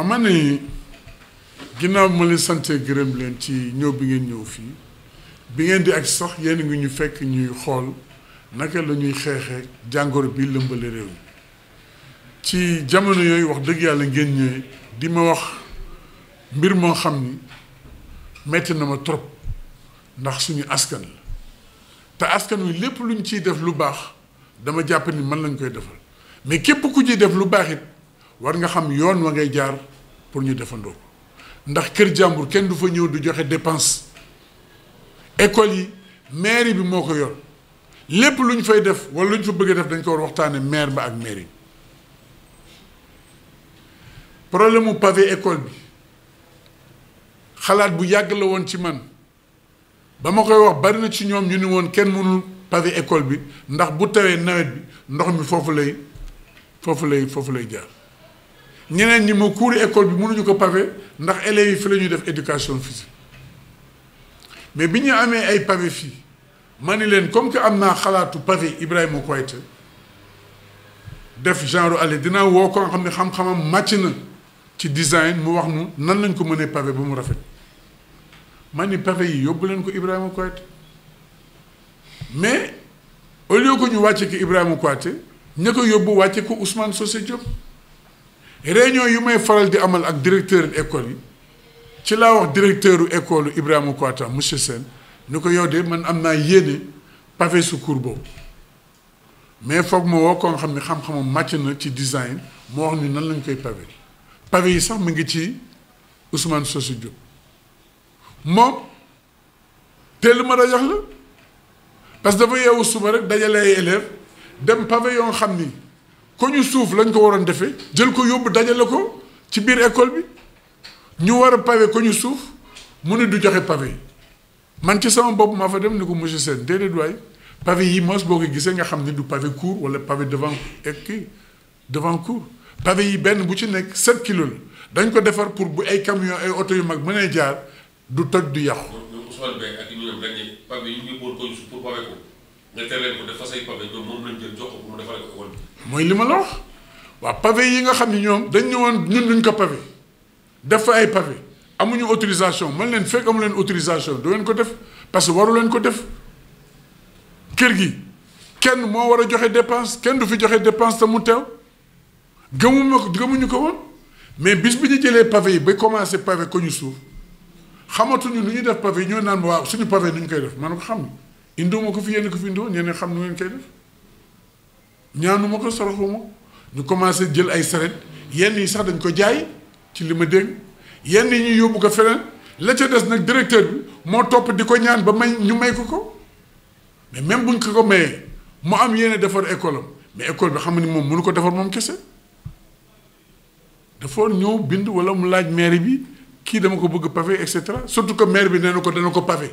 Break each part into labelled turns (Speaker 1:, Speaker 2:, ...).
Speaker 1: waaw man ni ginnaaw ma leen sante gërëm leen ci ñëw bi ngeen ñëw fii bi ngeen di ak sax yéen ngi ñu fekk ñuy xool naka la ñuy xeexe jàngoro bii lëmbale réew mi ci jamono yooyu wax dëgg yàlla ngeen ñëwee di ma wax mbir moo xam ni metti na ma trop ndax suñu askan la te askan wi lépp luñ ciy def lu baax dama jàpp ni man lañ koy defal mais képp ku ciy def lu baax it war nga xam yoon wa ngay jaar pour ñu defandoo ndax kër jàmbur kenn du fa ñëw du joxe dépense école yi mairie bi moo ko yor lépp lu ñu fay def wala lu ñu fa bëgg def dañ ko war waxtaane mair ba ak mairie problème mu pavé école bi xalaat bu yàgg la woon ci man ba ma koy wax bari na ci ñoom ñu ni woon kenn mënul pavé école bi ndax bu tawee nawet bi ndox mi foofu lay foofu lay foofu lay jaar ñeneen ñi ma kuuri école bi mënuñu ko pavé ndax élèves yi fi la ñuy def éducation physique mais bi ñu amee ay pavé fii ma leen comme que am naa xalaatu pavé Ibrahima Koité def genre ale dinaa woo ko xam ne xam-xamam màcc na ci design mu wax nu nan lañ ko mënee pavé ba mu rafet ma ni pavé yi yóbbu leen ko Ibrahima Koité mais au lieu que ñu wàcce ko Ibrahima Koité ña ko yóbbu wàcce ko Ousmane Socé Diop réunion yu may faral di amal ak directeur école yi ci laa wax directeur école Ibrahima Kouata monsieur Sène ni ko yow de man am naa yéene pavé su cours boobu mais foog ma woo ko nga xam ne xam-xamam màcc na ci design moo wax ni nan lañ koy pavé pavé yi sax mu ngi ci Ousmane Sosou Diop moom teel ma rajax la parce que dafa yeewu suba rek dajale ay élèves dem pavé yoo xam ni. ko ñu suuf lañ ko waroon defee jël ko yóbbu dajale ko ci biir école bi ñu war a pawe ko ñu suuf mu ne du joxe pavé yi man ci sama bopp maa fa dem ni ko monsieur Sène déedéet waay pavé yi mos boo ko gisee nga xam ne du pavé court wala pavé devant kii devant court pavé yi benn bu ci nekk 7 kilos la dañ ko defar pour bu ay camion ay oto yu mag mënee jaar du toj du yàqu. nga teree mooy li ma la wax waa pavé yi nga xam ne ñoom dañ ñëwoon ñun duñ ko pavé def fa ay pavé amuñu autorisation man leen fekk amu leen autorisation du leen ko def parce que waru leen ko def kër gi kenn moo war a joxe dépense kenn du fi joxe dépense te mu teew gëmuma ko gëmuñu ko woon mais bis bi ñu jëlee pavé yi ba commencé pavé ko ñu suuf xamatuñu lu ñu def pavé yi ñoo naan waaw suñu pavé nu koy def man ko xam. indiwuma ko fi yéen ko fi indiwoon ñeneen xam nu ngeen koy def ñaanuma ko soroxuma ñu commencé jël ay saret yenn yi sax dañ ko jaay ci li ma dégg yenn yi ñu yóbbu ko feneen la ca des nag directeur bi moo topp di ko ñaan ba may ñu may ko ko mais même buñ ko ko mayee mu am yéene defar école am mais école bi xam ni moom mënu ko defar moom kese dafa ñëw bind wala mu laaj maire bi kii dama ko bëgg pavé et cetera surtout que maire bi nee na ko dana ko pavé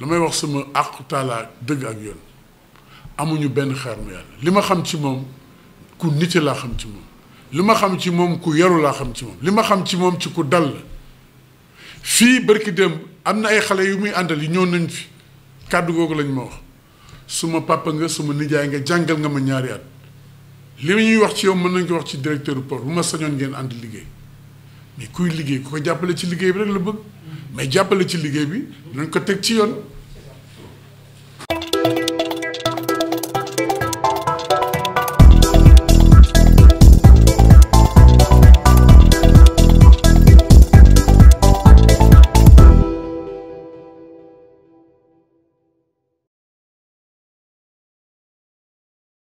Speaker 1: damay wax suma àqu dëgg ak yoon amuñu benn xaar ma yàlla li ma xam ci moom ku nite laa xam ci moom li ma xam ci moom ku yaru laa xam ci li ma xam ci moom ci ku dal la fii barki démb am na ay xale yu muy àndal yi ñëw nañ fi kàddu googu lañ ma wax suma papa nga suma nijaay nga jàngal nga ma ñaari at li ñuy wax ci yow mën nañ ko wax ci directeur port bu ma sañoon ngeen ànd liggéey mais kuy liggéey ku ko jàppale ci liggéey bi rek la bëgg mais jàppale ci liggéey bi nañ ko teg ci yoon